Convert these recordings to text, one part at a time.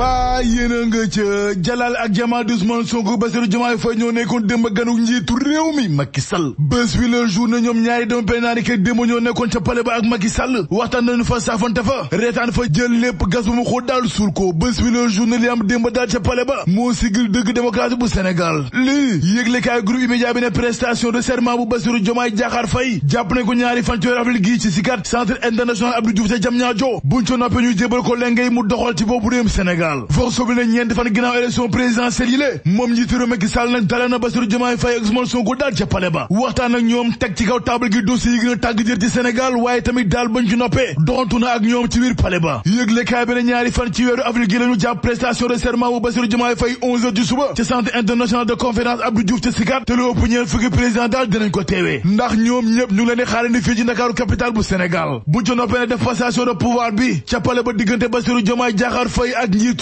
ba yéen a nga ca Jalal ak jamaa di Ousmane Sonko Bassirou Diomaye Faye ñoo nekkoon démb ganu njiitu réew mi Macky Sall bés bi le jour na ñoom ñaari dama pénaari kay démb ñoo nekkoon ca pale ba ak Macky Sall waxtaan nañu fa saafante fa reetaan fa jël lépp gas bu mu xóot daal suul ko bés bi le jour na li am démb daal ca pale ba moo sigil dëgg démocratie bu Sénégal lii yëglekaay groupe immédiat bi ne prestation de serment bu Bassirou Diomaye Diakhar jàpp nañ ko ñaari fan ci avril gii ci Sicap Centre International Abdou Diouf ca Diamniadio buñ ca noppee ci boobu réewum Sénégal nationale Vox Populi ñeenti fan ginnaaw élection présidentielle yi lé moom njiitu réew Macky Sall nag dala na Bassirou Diomaye Faye ak Ousmane Sonko ca palais ba waxtaan ak ñoom teg ci kaw table gi dossier yi gën a tàgg jër ci Sénégal waaye tamit daal bañ ci noppee doxantu na ak ñoom ci biir palais ba yëgle kaay bi ne ñaari fan ci weeru avril gi la jàpp prestation de serment bu Bassirou Diomaye Faye 11 heures du suba ca Sikat te de pouvoir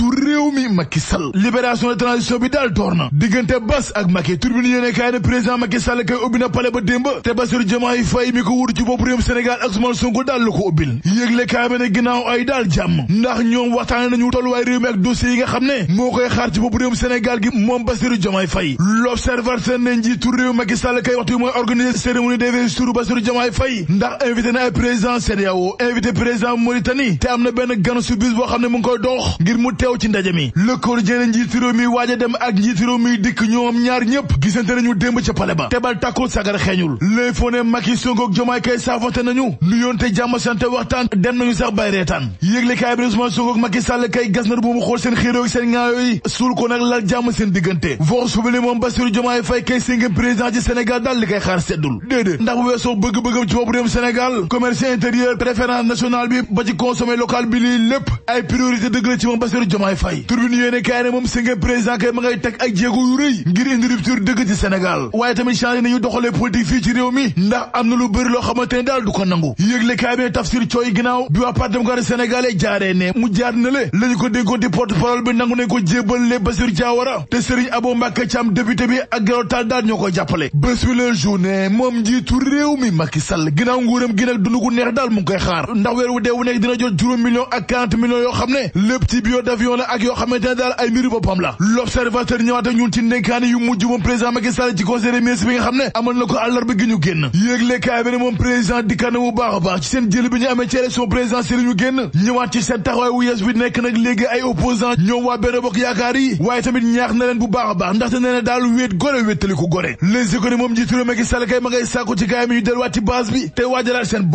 njiitu réew mi Macky Sall libération de transition bi daal door na diggante Bass ak Macky tur bi nu yéene kaay ne président Macky Sall kay ubbi na pale ba démba te Bassirou Diomaye Faye mi ko wutu ci bopp réewum Sénégal ak Ousmane Sonko daal la ubbil yéegle kaay bi ne ay daal jàmm ndax ñoom waxtaane nañu tolluwaay réew mi ak dossiers yi nga xam ne moo koy xaar ci bopp réewum Sénégal gi moom Bassirou Diomaye Faye l'observateur ne kay waxtu mooy organiser cérémonie kaw ci ndaje mi le Quotidien njiitu réew mi a dem ak njiitu réew mi dikk ñoom ñaar ñëpp kay gas na bu xool seen xéeróo ak seen ŋaayoo suul ko nag lal jàmm seen diggante vox populi moom Bassirou Diomaye Faye kay cinquième président ci Sénégal daal kay xaar seddul déedéet ndax bu weesoo bëgg-bëggam ci boobu réew Sénégal commerce intérieur préférence nationale bi ba ci consommé local bi lépp ay priorité dëgg la ci moom Bassirou Diomaye Faye turbine yéene kaay ne moom Senghor président kay ma ngay teg ay jéego yu rëy ngir indi rupture ci Sénégal waaye tamit changé nañu doxalee politique fii ci réew mi ndax am na lu bëri loo daal du ko nangu yëgle kaay bi ne tafsir cooy ginnaaw bi waa parti démocratique sénégalais jaaree ne mu jaar na le lañu ko dénkoon di porte bi nangu nañ ko jébbal le Bassirou Diawara te Serigne Abo Mbacké Thiam député bi ak Gero Tall daal ñoo gi nag koy xaar avion la ak yoo xamante ne daal ay mbiru boppam la l'observateur ñëwaat ñun ci ndénkaane yu mujj moom président Macky ci conseil des ministres bi nga xam ne amal na ko àllarba gi ñu génn yéeglekaay bi ne moom président dikkaane bu baax baax ci seen jël bi ñu amee ci élection présidentielle ñu génn ñëwaat ci seen taxawaay wu yees bi nekk nag léegi ay opposant ñoom waa benn bokk yaakaar yi waaye tamit ñaax na leen bu baax baax ndaxte te waajalaat seen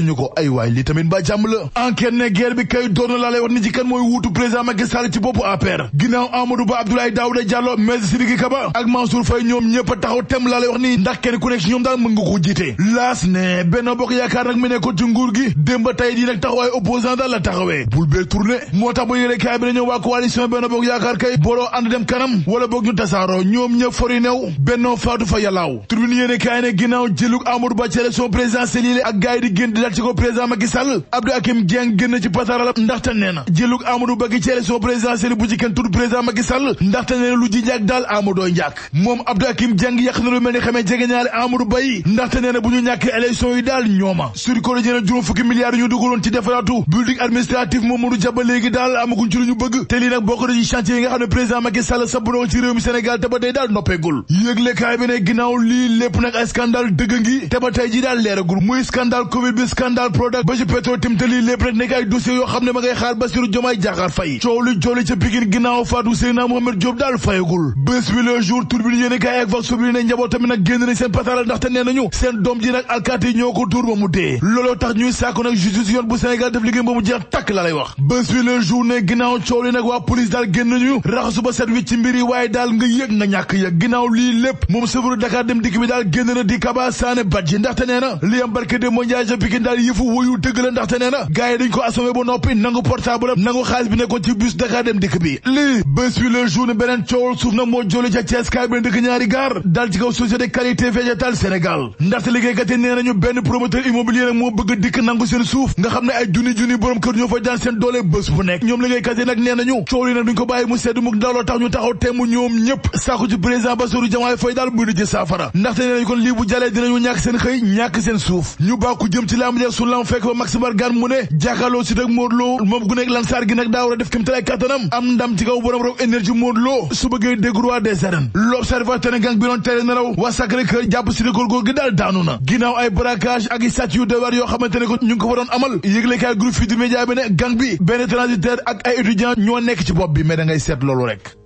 jotuñu ko ay waay li tamit ba jàmm la enquête ne guerre bi kay doon laa lay ni ci mooy wuutu président Macky Sall ci boppu APR ginnaaw Amadou Ba Abdoulaye Daouda Diallo Maître Sidiki Kaba ak Mansour Faye ñoom ñëpp a taxaw tem laa lay ni ndax kenn ku ñoom daal mën ko jiite laas ne Benno Bokk Yaakaar nag mu nekkoon ci nguur gi démb tey di nag taxawaay opposant daal la taxawee bul bee tourné moo tax ba yéene kaay bi nañoo ñoom ñëpp fori bennoo faatu dal ci ko président Macky Sall Abdou Hakim génn ci pasaral ndaxte nee na jëlug Amadou Ba gi ci élection présidentielle bu ci kenn tudd président Macky Sall ndaxte nee na lu ji njàkk daal Amadou njàkk moom Abdou Hakim Dieng yàq na lu mel ni xamee jege ñaale Amadou Ba yi ndaxte nee bu ñu ñàkkee élection yi daal ñooma sur ko juróom fukki milliards yi ñu dugaloon ci defaraatu building administratif moom Mamadou Dia ba léegi daal amaguñ ci lu ñu bëgg te lii nag bokk na ci na ko ci réew mi Sénégal te ba day daal noppeegul yëglekaay scandale Prodac ba ci pétro timtali lépp rek nekk ay dossiers yoo xam ne ndaxte nee nañu seen doom ji nag alkaati ñoo ko tuur ba mu dee looloo tax ñuy sàkku nag justice yoon bu Sénégal def liggéey ba mu jeex takk la lay wax bés bi le jour ginnaaw coow li nag waa police daal génn nañu raxasu ba set wi ci mbir yi waaye daal nga yëg nga ñàkk yëg ginnaaw lii lépp moom sëfaru Dakar dem dikk bi daal génn na di Kaba Sané Badji ndaxte nee na li am barke de mondiage Pikine daal yëfu dëgg la ndaxte nee na gars yi ko assommé ba noppi nangu portable nangu xaalis bi nekkoon ci bus Dakar dem dikk bi lii bés bi le jour beneen coowal suuf na moo jole ca Thiès kaay bi dëkk ñaari gaar daal ci kaw société qualité végétale Sénégal ndaxte liggéeykat yi nee nañu benn promoteur immobilier nag moo bëgg dikk nangu seen suuf nga xam ne ay junni junni borom kër ñoom liggéeykat yi nag nee nañu coow yi nag duñ ko bàyyi mu sedd mu daaloo def su lam fekk fa Max Mbargane si ak Modou Lo moom gu nekk lansaar gi nag daaw war a def kim talaay kattanam am ndam ci kaw borom Rock Énergie Modou Lo su bëggee dégg roi des arènes l'observateur gang bi doon tere nelaw wa Sacré-Cœur jàpp si ne góorgóor gi daal daanu na ginnaaw ay braquage ak i sàcc yu dewaar yoo xamante ne ko ñu ngi ko fa doon amal yëglekaay groupe Futurs Médias bi ne gang bi benn transitaire ak ay étudiants ñoo nekk ci bopp bi mais da ngay seet loolu rek